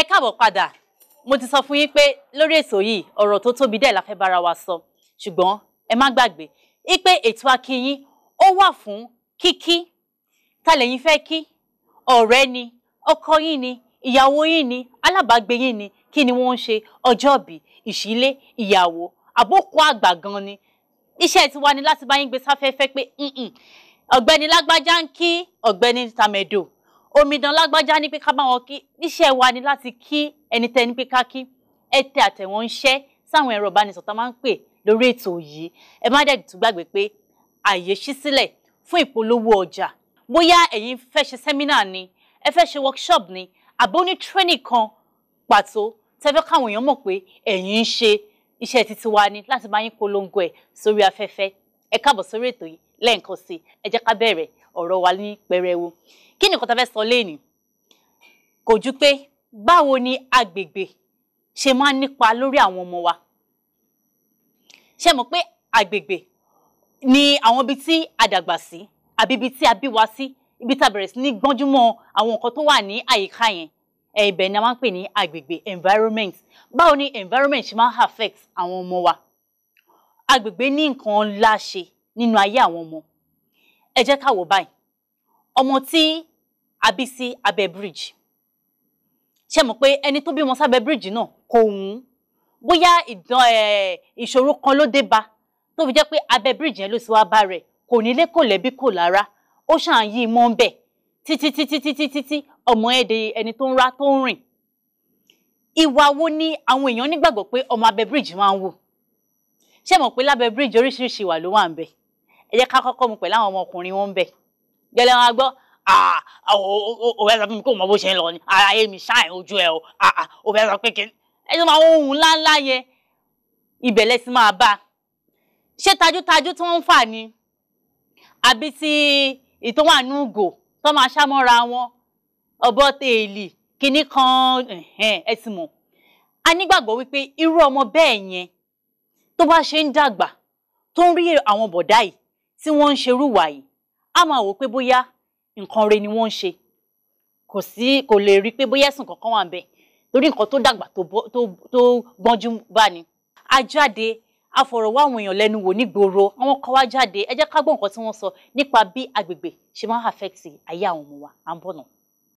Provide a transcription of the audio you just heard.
ẹ káàbọ̀ padà mo ti sọ fún yín pé lórí ètò yìí ọ̀rọ̀ tó tóbi dẹ̀ la fẹ́ bára wa sọ ṣùgbọ́n ẹ má gbàgbé ipe ètò akínyìn ó wà fún kíkí ta lẹ́yìn fẹ́ kí ọ̀rẹ́ ni ọkọ yín ni ìyàwó yín ni alábàágbé yín ni kí ni wọ́n ń ṣe ọjọ́bí ìṣílé ìyàwó àbókù àgbà gan ni iṣẹ́ tiwa ni láti bá yín gbé sáfẹ́fẹ́ pé ọ̀gbẹ́ni lágbájá ń kí ọ̀gbẹ́ni tàmẹ̀dò omidan lágbájá ní pé ká bá wọn kí níṣẹ́ wa ni láti kí ẹni tẹ́ ní pé ká kí ẹ tẹ àtẹ̀wọ́n ń ṣẹ́ sáwọn ẹ̀rọ ìbánisọ̀ tá máa ń pè lórí ètò yìí ẹ má dẹ̀ tún gbàgbé pé àyè ṣí sílẹ̀ fún ìpolówó ọjà bóyá ẹ̀yin fẹ́ ṣe sẹ́mínà ni ẹ fẹ́ ṣe workshop ni àbó ní training kan pàtó tẹ́fẹ́ káwọn èèyàn mọ̀ pé ẹ̀yin ń ṣe iṣẹ́ titi wa ni láti bá yín polongo ẹ̀ sórí afẹ́fẹ́ ẹ káàbọ̀ sórí ètò yìí lẹ́ẹ̀kan sí ẹ jẹ́ ká bẹ̀rẹ̀ ọ̀rọ̀ wa ní pẹrẹwu kí ni nǹkan tá fẹ́ sọ léèní kò ju pé báwo ni agbègbè ṣe máa ń nípa lórí àwọn ọmọ wa ṣe mọ̀ pé agbègbè ni àwọn ibi tí a dàgbà sí àbí ibi tí a bí wa sí ibi tá a bẹ̀rẹ̀ sí ní gbọ́njúmọ́ àwọn nǹkan tó wà ní àyíká yẹn ibẹ̀ ni a máa ń pè ní agbègbè environment báwo ni environment ṣe máa ń affect àwọn ọmọ wa agbègbè ní nǹkan ńlá ṣe nínú ayé àwọn ọmọ ẹ jẹ́ ká wò báyìí ọmọ tí a bí sí abẹ́ bridge ṣe mọ̀ pé ẹni tó bí wọn sábẹ́ bridge náà kò hùn bóyá ìdán ìṣòro kan ló dé bá tó fi jẹ́ pé abẹ́ bridge yẹn ló sì wá bá rẹ̀ kò nílé kò lẹ́bí kò lára ó ṣàn yí mọ́ ń bẹ̀ títí títí títí títí ọmọ ẹ̀ di ẹni tó ń rá tó ń rìn ìwà wo ni àwọn èèyàn nígbàgbọ́ pé ọmọ abẹ́ bridge máa ń wò ṣe mọ̀ pé lábẹ́ bridge oríṣiríṣi ìwà ló wà ń bẹ̀ ẹ jẹ́ ká kọ́kọ́ mu pẹ̀lú àwọn ọmọkùnrin wọn bẹ̀ gẹ́lẹ́ wọn gbọ́ o fẹ́ sọ fún mi kó mọ bó ṣe ń lọ ni ara yé mi ṣáà ojú ẹ o o fẹ́ sọ pé kí ẹ ṣe máa ohun ńláńlá yẹn ibẹ̀ lẹ́sìn máa bá ṣé tajútajú tí wọ́n ń fà ni àbí ti ìtọ́wànú ògò tó máa ṣàmọ́ra wọn ọ̀bọ tèèlì kinní kan ẹ ti mọ̀ a nígbàgbọ́ wípé irú ọmọ bẹ́ẹ̀ yẹn tó bá ṣe ń dàgbà tó ń rí àwọn bọ̀dá yìí tí wọ́n ń ṣerú ìwà yìí á máa wò pé bóyá nǹkan re ni wọ́n ń ṣe kò sí kò lè rí pé bóyá ẹ̀sùn kankan wà ńbẹ̀ torí nǹkan tó dàgbà tó gbọ́njú bá ni. a jáde a fọ̀rọ̀ wá àwọn èèyàn lẹ́nu wò nígboro àwọn kan wá jáde ẹ jẹ́ ká gbọ́ nǹkan tí wọ́n sọ nípa bí agbègbè ṣe máa ń affect ayé àwọn ọmọ wa à ń bọ̀ náà.